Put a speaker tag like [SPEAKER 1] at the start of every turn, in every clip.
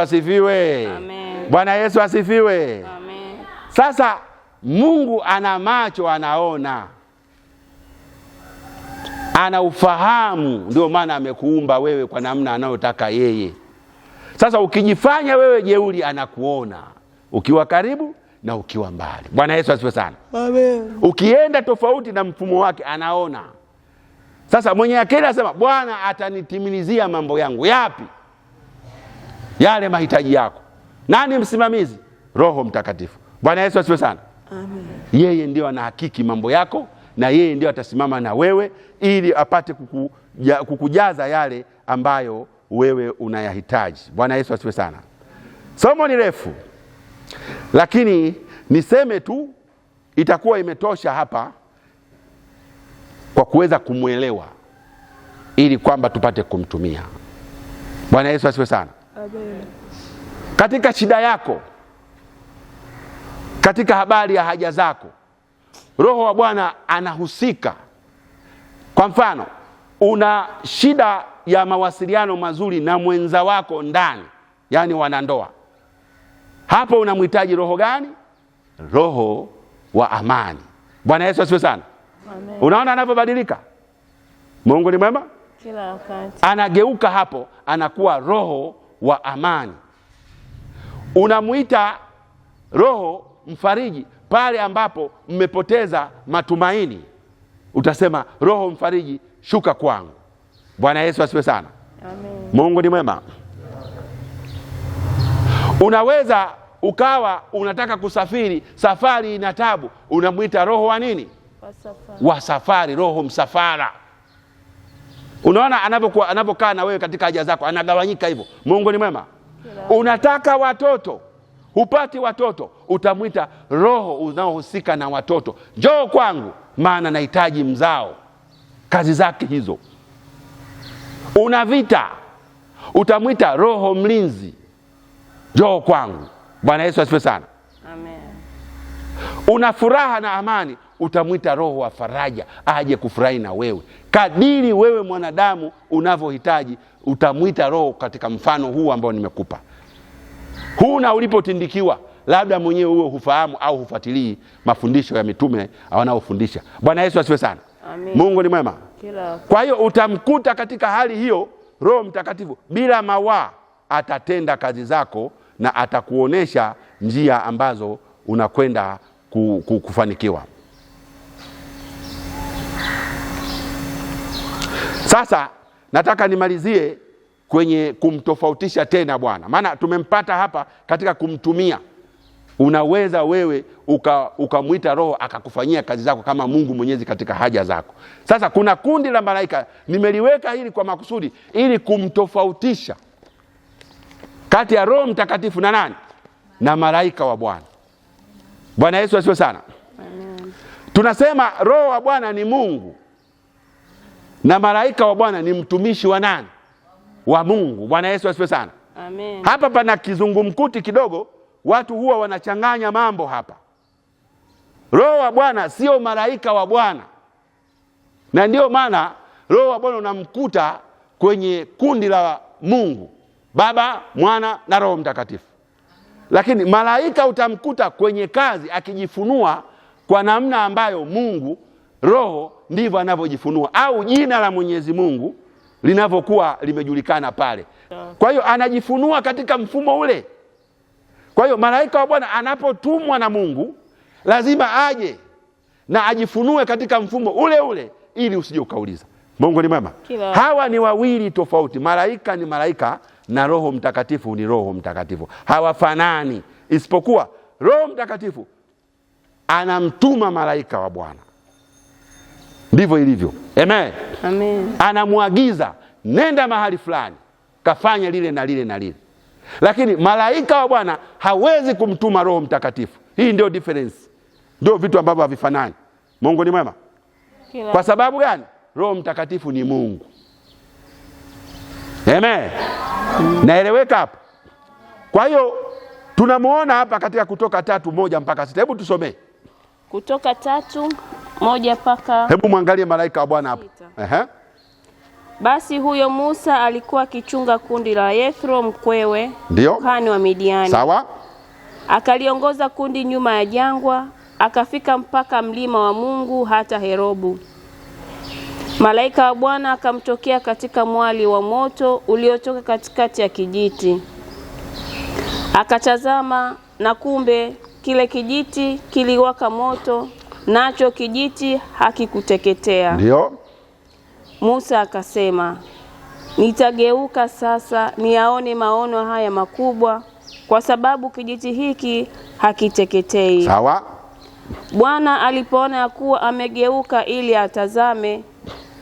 [SPEAKER 1] Asifiwe. Amen. Bwana Yesu asifiwe. Amen. Sasa Mungu ana macho, anaona, ana ufahamu, ndio maana amekuumba wewe kwa namna anayotaka yeye. Sasa ukijifanya wewe jeuri, anakuona ukiwa karibu na ukiwa mbali. Bwana Yesu asifiwe sana.
[SPEAKER 2] Amen.
[SPEAKER 1] Ukienda tofauti na mfumo wake, anaona. Sasa mwenye akili anasema Bwana atanitimilizia mambo yangu yapi? yale mahitaji yako. Nani msimamizi? Roho Mtakatifu. Bwana Yesu asifiwe sana. Amen. Yeye ndio anahakiki mambo yako na yeye ndio atasimama na wewe ili apate kuku, ya, kukujaza yale ambayo wewe unayahitaji. Bwana Yesu asifiwe sana. Somo ni refu, lakini niseme tu itakuwa imetosha hapa kwa kuweza kumwelewa ili kwamba tupate kumtumia. Bwana Yesu asifiwe sana katika shida yako, katika habari ya haja zako, Roho wa Bwana anahusika. Kwa mfano, una shida ya mawasiliano mazuri na mwenza wako ndani, yaani wanandoa, hapo unamhitaji roho gani? Roho wa amani. Bwana Yesu asifiwe sana. Amen. Unaona anavyobadilika Mungu ni mwema,
[SPEAKER 2] kila wakati
[SPEAKER 1] anageuka, hapo anakuwa roho wa amani. Unamwita Roho mfariji pale ambapo mmepoteza matumaini, utasema Roho mfariji, shuka kwangu. Bwana Yesu asiwe sana. Amen. Mungu ni mwema. Unaweza ukawa unataka kusafiri, safari ina tabu, unamwita roho wa nini? Wa safari, roho msafara Unaona anapokuwa anapokaa na wewe katika haja zako anagawanyika hivyo. Mungu ni mwema. Unataka watoto, hupati watoto, utamwita roho unaohusika na watoto, njoo kwangu, maana nahitaji mzao. Kazi zake hizo. Una vita, utamwita roho mlinzi, njoo kwangu. Bwana Yesu asifiwe sana, amen. Una furaha na amani, utamwita Roho wa faraja aje kufurahi na wewe. Kadiri wewe mwanadamu unavyohitaji, utamwita Roho katika mfano huu ambao nimekupa huu, na ulipotindikiwa labda mwenyewe huwe hufahamu au hufuatilii mafundisho ya mitume wanaofundisha. Bwana Yesu asiwe sana. Amin. Mungu ni mwema. Kwa hiyo utamkuta katika hali hiyo Roho Mtakatifu bila mawaa atatenda kazi zako na atakuonesha njia ambazo unakwenda kufanikiwa. Sasa nataka nimalizie kwenye kumtofautisha tena Bwana, maana tumempata hapa katika kumtumia. Unaweza wewe ukamwita uka Roho akakufanyia kazi zako kama Mungu Mwenyezi katika haja zako. Sasa kuna kundi la malaika, nimeliweka hili kwa makusudi ili kumtofautisha kati ya Roho Mtakatifu na nani na malaika wa Bwana. Bwana Yesu asifiwe sana. Tunasema Roho wa Bwana ni Mungu na malaika wa Bwana ni mtumishi wa nani? Wa Mungu. Bwana Yesu asifiwe sana. Amen. Hapa pana kizungumkuti kidogo, watu huwa wanachanganya mambo hapa. Roho wa Bwana sio malaika wa Bwana, na ndiyo maana Roho wa Bwana unamkuta kwenye kundi la Mungu Baba, Mwana na Roho Mtakatifu, lakini malaika utamkuta kwenye kazi akijifunua kwa namna ambayo Mungu Roho ndivyo anavyojifunua au jina la Mwenyezi Mungu linavyokuwa limejulikana pale. Kwa hiyo anajifunua katika mfumo ule. Kwa hiyo malaika wa Bwana anapotumwa na Mungu lazima aje na ajifunue katika mfumo ule ule, ili usije ukauliza Mungu ni mama. Hawa ni wawili tofauti, malaika ni malaika na Roho Mtakatifu ni Roho Mtakatifu, hawafanani, isipokuwa Roho Mtakatifu anamtuma malaika wa Bwana Ndivyo ilivyo. Amen. Amen. Anamwagiza nenda mahali fulani kafanya lile na lile na lile, lakini malaika wa Bwana hawezi kumtuma Roho Mtakatifu. Hii ndio difference, ndio vitu ambavyo havifanani. Mungu ni mwema. Kila. Kwa sababu gani? Roho Mtakatifu ni Mungu. Amen. Naeleweka hapo? Kwa hiyo tunamwona hapa katika Kutoka tatu moja mpaka sita. Hebu tusomee
[SPEAKER 2] Kutoka tatu moja paka.
[SPEAKER 1] Hebu mwangalie malaika wa Bwana hapo.
[SPEAKER 2] Ehe. Basi huyo Musa alikuwa akichunga kundi la Yethro mkwewe, ndio kuhani wa Midiani. Sawa. Akaliongoza kundi nyuma ya jangwa, akafika mpaka mlima wa Mungu hata Herobu. Malaika wa Bwana akamtokea katika mwali wa moto uliotoka katikati ya kijiti. Akatazama na kumbe kile kijiti kiliwaka moto nacho kijiti hakikuteketea. Ndio Musa akasema, nitageuka sasa niyaone maono haya makubwa, kwa sababu kijiti hiki hakiteketei. Sawa. Bwana alipoona ya kuwa amegeuka ili atazame,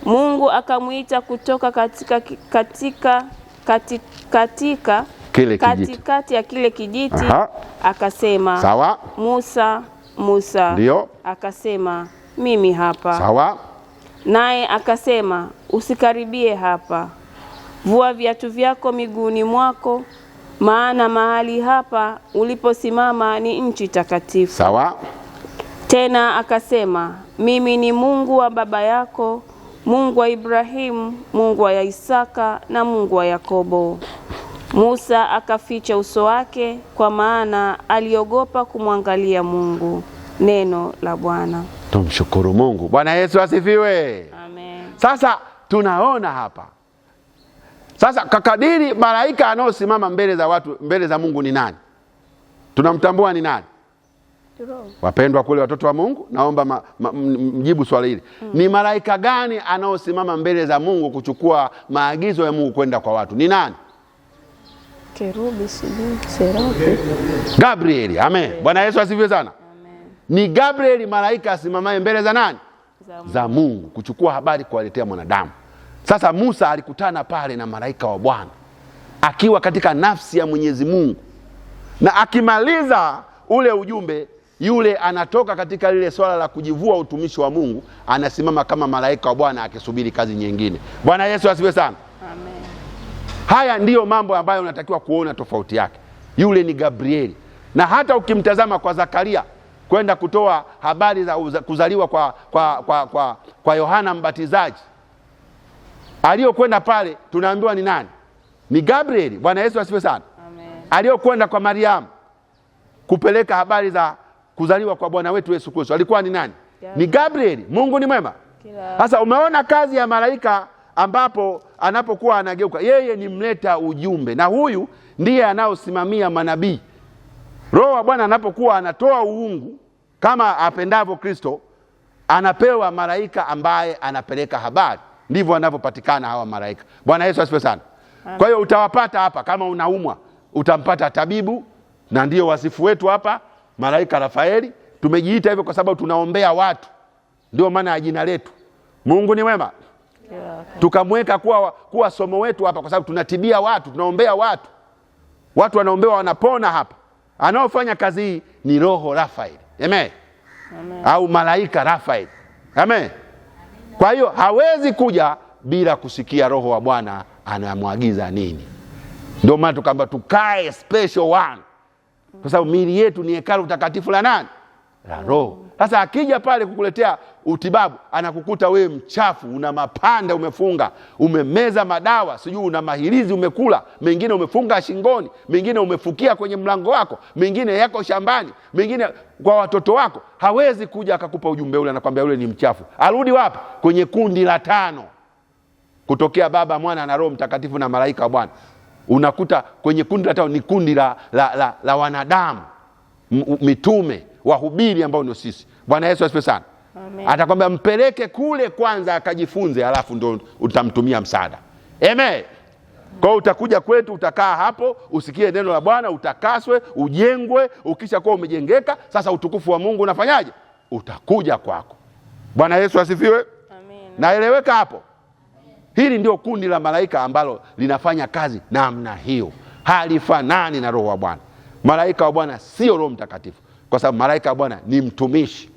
[SPEAKER 2] Mungu akamwita kutoka katika, katika, katika, katika
[SPEAKER 1] kile katikati
[SPEAKER 2] ya kile kijiti Aha. Akasema, sawa Musa Musa. Ndio. Akasema mimi hapa. Sawa. Naye akasema usikaribie hapa, vua viatu vyako miguuni mwako, maana mahali hapa uliposimama ni nchi takatifu. Sawa. Tena akasema mimi ni Mungu wa baba yako, Mungu wa Ibrahimu, Mungu wa Isaka na Mungu wa Yakobo. Musa akaficha uso wake kwa maana aliogopa kumwangalia Mungu. Neno la Bwana.
[SPEAKER 1] Tumshukuru Mungu. Bwana Yesu asifiwe. Amen. Sasa tunaona hapa sasa, kakadiri malaika anaosimama mbele za watu, mbele za Mungu ni nani? Tunamtambua ni nani? Wapendwa kule watoto wa Mungu, naomba ma, ma, mjibu swali hili hmm. Ni malaika gani anaosimama mbele za Mungu kuchukua maagizo ya Mungu kwenda kwa watu? Ni nani?
[SPEAKER 2] Kerubi, sijui serafi,
[SPEAKER 1] Gabrieli. Amen, Bwana Yesu asifiwe sana amen. Ni Gabrieli malaika asimamaye mbele za nani? Za Mungu, za Mungu kuchukua habari kuwaletea mwanadamu. Sasa Musa alikutana pale na malaika wa Bwana akiwa katika nafsi ya Mwenyezi Mungu, na akimaliza ule ujumbe yule anatoka katika lile swala la kujivua utumishi wa Mungu, anasimama kama malaika wa Bwana akisubiri kazi nyingine. Bwana Yesu asifiwe sana. Haya ndiyo mambo ambayo unatakiwa kuona tofauti yake. Yule ni Gabrieli, na hata ukimtazama kwa Zakaria kwenda kutoa habari za kuzaliwa kwa kwa kwa kwa, kwa Yohana Mbatizaji, aliyokwenda pale tunaambiwa ni nani? Ni Gabrieli. Bwana Yesu asifiwe sana. Amen. Aliyokwenda kwa Mariamu kupeleka habari za kuzaliwa kwa Bwana wetu Yesu Kristo alikuwa ni nani? Gabriel. Ni Gabrieli. Mungu ni mwema. Sasa umeona kazi ya malaika ambapo anapokuwa anageuka, yeye ni mleta ujumbe, na huyu ndiye anaosimamia manabii. Roho wa Bwana anapokuwa anatoa uungu kama apendavyo Kristo, anapewa malaika ambaye anapeleka habari. Ndivyo wanavyopatikana hawa malaika. Bwana Yesu asifiwe sana. Kwa hiyo utawapata hapa, kama unaumwa utampata tabibu, na ndio wasifu wetu hapa, malaika Rafaeli. Tumejiita hivyo kwa sababu tunaombea watu, ndio maana ya jina letu. Mungu ni wema tukamweka kuwa, kuwa somo wetu hapa, kwa sababu tunatibia watu, tunaombea watu, watu wanaombewa wanapona hapa. Anaofanya kazi hii ni roho Rafael, amen, au malaika Rafael, amen. Kwa hiyo hawezi kuja bila kusikia roho wa Bwana anamwagiza nini. Ndio maana tukamba tukae special one, kwa sababu miili yetu ni hekalu takatifu la nani? La Roho. Sasa akija pale kukuletea utibabu, anakukuta wewe mchafu, una mapanda umefunga, umemeza madawa, sijui una mahirizi umekula, mengine umefunga shingoni, mengine umefukia kwenye mlango wako, mengine yako shambani, mengine kwa watoto wako. Hawezi kuja akakupa ujumbe ule, anakwambia ule ni mchafu. Arudi wapi? Kwenye kundi la tano, kutokea Baba, Mwana na Roho Mtakatifu na malaika wa Bwana. Unakuta kwenye kundi la tano ni kundi la, la, la, la wanadamu, mitume, wahubiri ambao ndio sisi. Bwana Yesu asifiwe sana. Atakwambia mpeleke kule kwanza akajifunze, halafu ndo utamtumia msaada. Amen. Kwa hiyo utakuja kwetu, utakaa hapo, usikie neno la Bwana, utakaswe, ujengwe. Ukisha kuwa umejengeka, sasa utukufu wa Mungu unafanyaje? Utakuja kwako. Bwana Yesu asifiwe. Naeleweka hapo? Hili ndio kundi la malaika ambalo linafanya kazi namna hiyo, halifanani na roho wa Bwana. Malaika wa Bwana sio Roho Mtakatifu, kwa sababu malaika wa Bwana ni mtumishi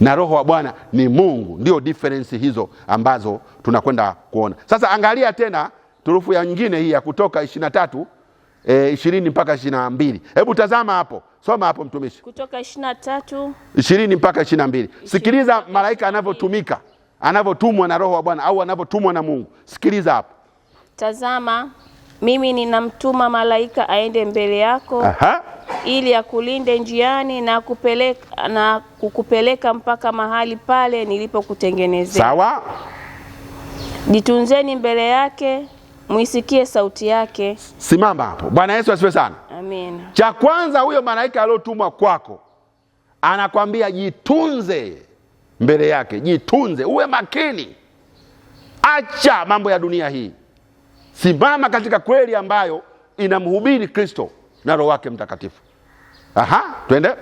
[SPEAKER 1] na roho wa Bwana ni Mungu. Ndio difference hizo ambazo tunakwenda kuona sasa. Angalia tena turufu ya nyingine hii ya Kutoka ishirina tatu e, ishirini mpaka ishirina mbili. Hebu tazama hapo, soma hapo mtumishi,
[SPEAKER 2] Kutoka ishirini
[SPEAKER 1] mpaka ishirini na mbili. Sikiliza malaika anavyotumika, anavyotumwa na roho wa Bwana au anavyotumwa na Mungu. Sikiliza hapo,
[SPEAKER 2] tazama, mimi ninamtuma malaika aende mbele yako. Aha ili akulinde njiani na kupeleka, na kukupeleka mpaka mahali pale nilipokutengenezea. Sawa. Jitunzeni mbele yake, muisikie sauti yake.
[SPEAKER 1] Simama hapo. Bwana Yesu asifiwe sana. Amen. Cha kwanza huyo malaika aliyotumwa kwako anakwambia jitunze mbele yake, jitunze, uwe makini, acha mambo ya dunia hii, simama katika kweli ambayo inamhubiri Kristo na Roho wake Mtakatifu. Aha, twende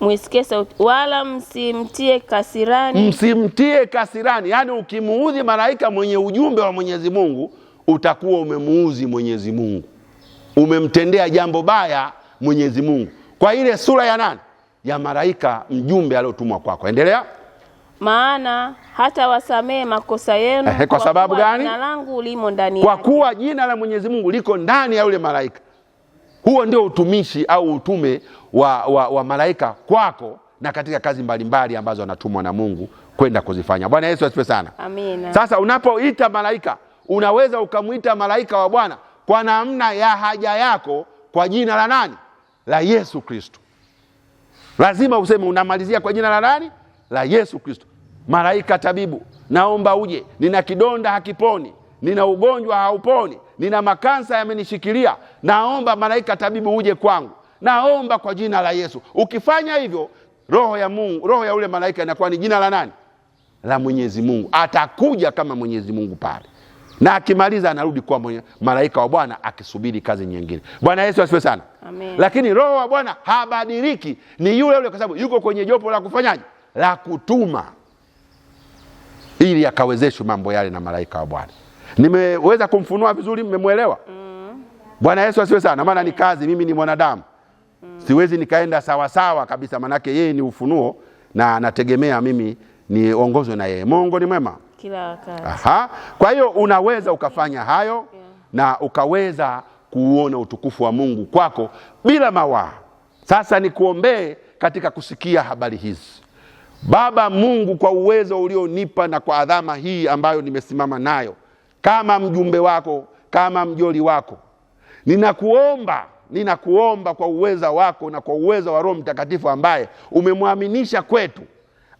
[SPEAKER 2] mwisikie sauti, wala msimtie kasirani.
[SPEAKER 1] Msimtie kasirani, yaani ukimuudhi malaika mwenye ujumbe wa Mwenyezi Mungu utakuwa umemuudhi Mwenyezi Mungu, umemtendea jambo baya Mwenyezi Mungu kwa ile sura ya nani ya malaika mjumbe aliotumwa kwako kwa. Endelea.
[SPEAKER 2] Maana hata wasamee makosa yenu.
[SPEAKER 1] Ehe, kwa sababu gani?
[SPEAKER 2] Jina langu limo ndani,
[SPEAKER 1] kwa kuwa jina la Mwenyezi Mungu liko ndani ya yule malaika. Huo ndio utumishi au utume wa, wa, wa malaika kwako na katika kazi mbalimbali mbali ambazo anatumwa na Mungu kwenda kuzifanya. Bwana Yesu asifiwe sana. Amina. Sasa unapoita malaika, unaweza ukamwita malaika wa Bwana kwa namna ya haja yako kwa jina la nani? La Yesu Kristo. Lazima useme unamalizia kwa jina la nani? La Yesu Kristo. Malaika tabibu, naomba uje, nina kidonda hakiponi, nina ugonjwa hauponi, nina makansa yamenishikilia, naomba malaika tabibu uje kwangu, naomba kwa jina la Yesu. Ukifanya hivyo, roho ya Mungu, roho ya ule malaika inakuwa ni jina la nani? La Mwenyezi Mungu. Atakuja kama Mwenyezi Mungu pale, na akimaliza anarudi kwa mwenye, malaika wa Bwana akisubiri kazi nyingine. Bwana Yesu asifiwe sana. Amen. Lakini roho wa Bwana habadiliki, ni yule yule, kwa sababu yuko kwenye jopo la kufanyaje? La kutuma, ili akawezeshwe mambo yale na malaika wa Bwana. Nimeweza kumfunua vizuri, mmemwelewa? mm. Bwana Yesu asiwe sana, maana ni kazi, mimi ni mwanadamu mm. siwezi nikaenda sawasawa kabisa, manake yeye ni ufunuo na nategemea mimi niongozwe na yeye. Mungu ni mwema
[SPEAKER 2] kila wakati.
[SPEAKER 1] Aha. Kwa hiyo unaweza ukafanya hayo yeah. na ukaweza kuuona utukufu wa Mungu kwako bila mawaa. Sasa nikuombee katika kusikia habari hizi. Baba Mungu, kwa uwezo ulionipa na kwa adhama hii ambayo nimesimama nayo kama mjumbe wako, kama mjoli wako, ninakuomba ninakuomba kwa uweza wako na kwa uweza wa Roho Mtakatifu ambaye umemwaminisha kwetu,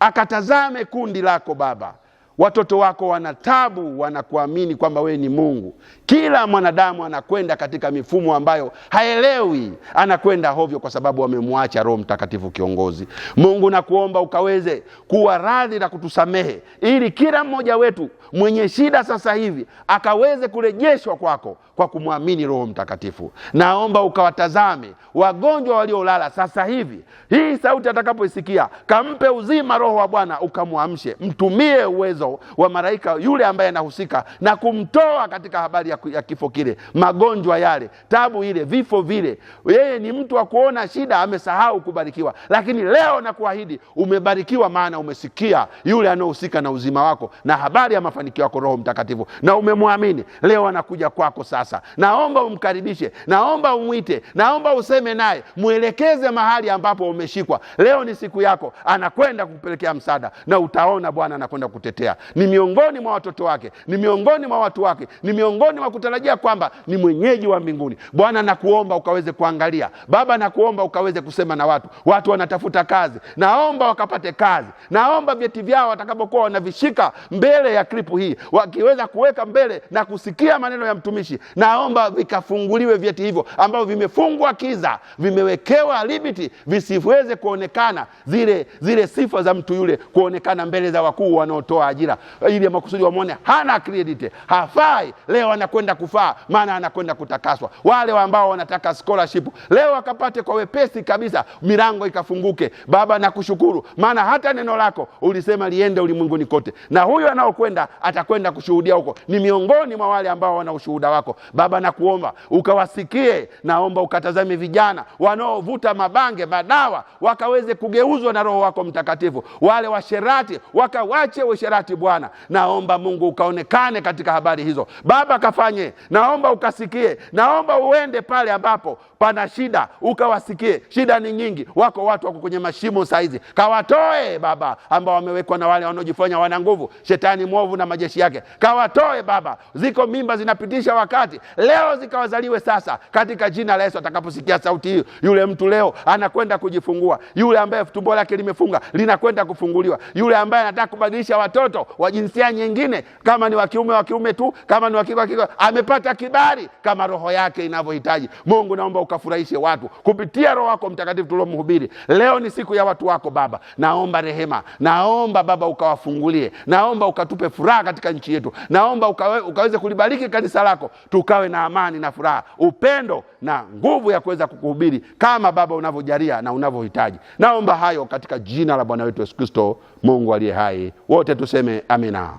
[SPEAKER 1] akatazame kundi lako Baba. Watoto wako wana tabu, wanakuamini kwamba wewe ni Mungu. Kila mwanadamu anakwenda katika mifumo ambayo haelewi, anakwenda hovyo kwa sababu wamemwacha Roho Mtakatifu kiongozi. Mungu, nakuomba ukaweze kuwa radhi na kutusamehe, ili kila mmoja wetu mwenye shida sasa hivi akaweze kurejeshwa kwako kwa kumwamini Roho Mtakatifu. Naomba ukawatazame wagonjwa waliolala sasa hivi, hii sauti atakapoisikia, kampe uzima Roho wa Bwana ukamwamshe, mtumie uwezo wa malaika yule ambaye anahusika na kumtoa katika habari ya kifo kile, magonjwa yale, tabu ile, vifo vile. Yeye ni mtu wa kuona shida, amesahau kubarikiwa, lakini leo nakuahidi umebarikiwa, maana umesikia yule anaohusika na uzima wako na habari ya mafanikio yako, Roho Mtakatifu, na umemwamini. Leo anakuja kwako sasa sasa. Naomba umkaribishe, naomba umwite, naomba useme naye, mwelekeze mahali ambapo umeshikwa. Leo ni siku yako, anakwenda kupelekea msaada na utaona Bwana anakwenda kutetea. Ni miongoni mwa watoto wake, ni miongoni mwa watu wake, ni miongoni mwa kutarajia kwamba ni mwenyeji wa mbinguni. Bwana nakuomba ukaweze kuangalia, Baba nakuomba ukaweze kusema na watu. Watu wanatafuta kazi, naomba wakapate kazi, naomba vyeti vyao watakapokuwa wanavishika mbele ya klipu hii, wakiweza kuweka mbele na kusikia maneno ya mtumishi naomba vikafunguliwe vyeti hivyo ambavyo vimefungwa kiza, vimewekewa limiti, visiweze kuonekana zile, zile sifa za mtu yule kuonekana mbele za wakuu wanaotoa ajira, ili makusudi wamwone hana credit, hafai. Leo anakwenda kufaa, maana anakwenda kutakaswa. Wale ambao wanataka scholarship leo akapate kwa wepesi kabisa, milango ikafunguke. Baba, nakushukuru maana hata neno lako ulisema liende ulimwenguni kote, na huyu anaokwenda atakwenda kushuhudia huko, ni miongoni mwa wale ambao wana ushuhuda wako. Baba, nakuomba ukawasikie, naomba ukatazame vijana wanaovuta mabange, madawa, wakaweze kugeuzwa na Roho wako Mtakatifu. Wale washerati wakawache usherati, Bwana naomba Mungu ukaonekane katika habari hizo. Baba kafanye, naomba ukasikie, naomba uende pale ambapo pana shida, ukawasikie. Shida ni nyingi, wako watu wako kwenye mashimo saizi, kawatoe Baba, ambao wamewekwa na wale wanaojifanya wana nguvu, shetani mwovu na majeshi yake, kawatoe Baba. Ziko mimba zinapitisha wakati wakati, leo zikawazaliwe sasa, katika jina la Yesu. Atakaposikia sauti hiyo, yule mtu leo anakwenda kujifungua, yule ambaye tumbo lake limefunga linakwenda kufunguliwa, yule ambaye anataka kubadilisha watoto wa jinsia nyingine, kama ni wa kiume wa kiume tu, kama ni wa kike wa kike, amepata kibali kama roho yake inavyohitaji. Mungu, naomba ukafurahishe watu kupitia Roho wako Mtakatifu tuliomhubiri leo. Ni siku ya watu wako Baba, naomba rehema, naomba Baba ukawafungulie, naomba ukatupe furaha katika nchi yetu, naomba ukawe, ukaweze kulibariki kanisa lako tu tukawe na amani na furaha, upendo na nguvu ya kuweza kukuhubiri kama Baba unavyojalia na unavyohitaji. Naomba hayo katika jina la Bwana wetu Yesu Kristo, Mungu aliye hai. Wote tuseme amina,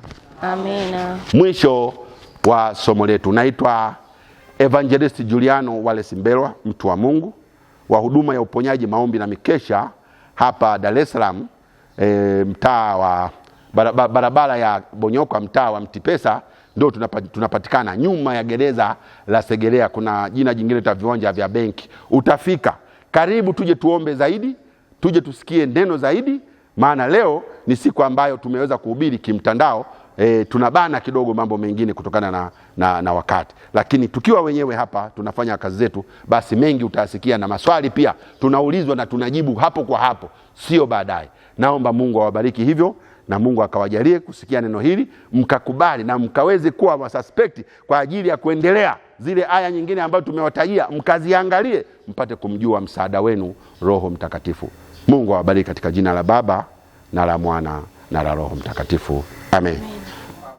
[SPEAKER 2] amina.
[SPEAKER 1] Mwisho wa somo letu. Naitwa Evangelist Juliano wale Mbelwa, mtu wa Mungu wa huduma ya uponyaji, maombi na mikesha hapa Dar es Salaam, e, mtaa wa barabara ya Bonyokwa, mtaa wa Mtipesa ndo tunapatikana nyuma ya gereza la Segerea. Kuna jina jingine ta viwanja vya benki, utafika karibu. Tuje tuombe zaidi, tuje tusikie neno zaidi, maana leo ni siku ambayo tumeweza kuhubiri kimtandao. E, tunabana kidogo mambo mengine kutokana na, na, na wakati, lakini tukiwa wenyewe hapa tunafanya kazi zetu, basi mengi utayasikia na maswali pia tunaulizwa na tunajibu hapo kwa hapo, sio baadaye. Naomba Mungu awabariki hivyo na Mungu akawajalie kusikia neno hili mkakubali na mkaweze kuwa wasaspekti kwa ajili ya kuendelea zile aya nyingine ambazo tumewatajia, mkaziangalie mpate kumjua msaada wenu Roho Mtakatifu. Mungu awabariki katika jina la Baba na la Mwana na la Roho Mtakatifu, amen.